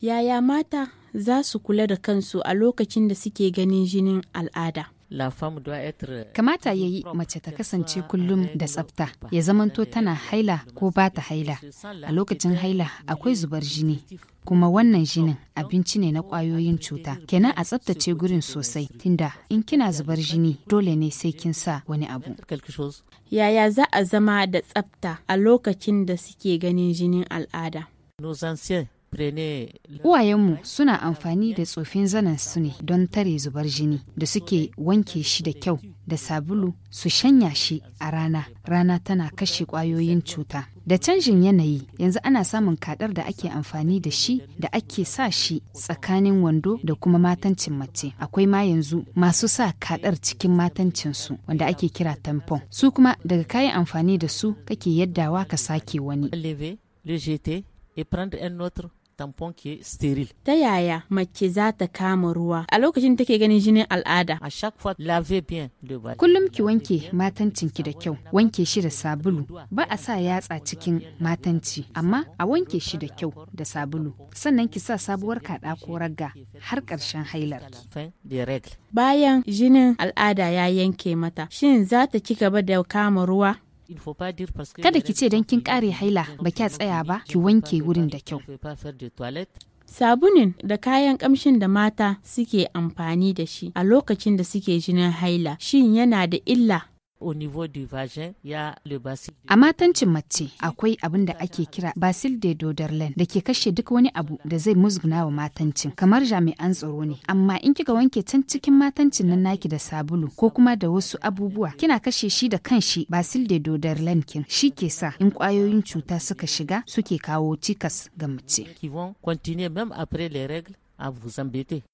Yaya mata za su kula da kansu a lokacin da suke ganin jinin al'ada? Kamata ya yi mace ta kasance kullum da tsafta, ya zamanto tana haila ko ba ta haila. A lokacin haila akwai zubar jini, kuma wannan jinin abinci ne na ƙwayoyin cuta. Kenan a tsaftace gurin sosai, tunda in kina zubar jini dole ne sai kin sa wani abu. Yaya za a zama da tsafta a lokacin da suke ganin jinin al'ada? Uwayenmu suna amfani da tsofin zanen su ne don tare zubar jini da suke wanke shi da kyau da sabulu su shanya shi a rana. Rana tana kashe kwayoyin cuta. Da canjin yanayi yanzu ana samun kadar da ake amfani da shi da ake sa shi tsakanin wando da kuma matancin mace. Akwai ma yanzu masu sa kadar cikin matancinsu wanda ake kira tampon. Su kuma daga kayan amfani da su kake yaddawa ka sake wani. et prendre un autre tampon ke steril. Ta yaya mace za ta kama ruwa a lokacin take ganin jinin al'ada? A chaque fois lave bien le Kullum ki wanke matancinki da kyau, wanke shi da sabulu. Ba a sa yatsa cikin matanci, amma a wanke shi da kyau da sabulu. Sannan ki sa sabuwar kaɗa ko ragga har ƙarshen hailar. Bayan jinin al'ada ya yanke mata, shin za ta ci gaba da kama ruwa? Kada ki ce don kin kare haila ba kya tsaya ba ki wanke wurin da kyau. Sabunin da kayan kamshin da mata suke amfani da shi a lokacin da suke jinin haila shin yana da illa A matancin mace akwai abin da ake kira Basil de Doderlen da ke kashe duk wani abu da zai musguna wa matancin kamar jami'an tsaro ne. Amma in kika wanke can cikin matancin nan naki da sabulu ko kuma da wasu abubuwa kina kashe shi da kanshi Basil de Doderlen kin shi ke sa in kwayoyin cuta suka shiga suke kawo cikas ga mace.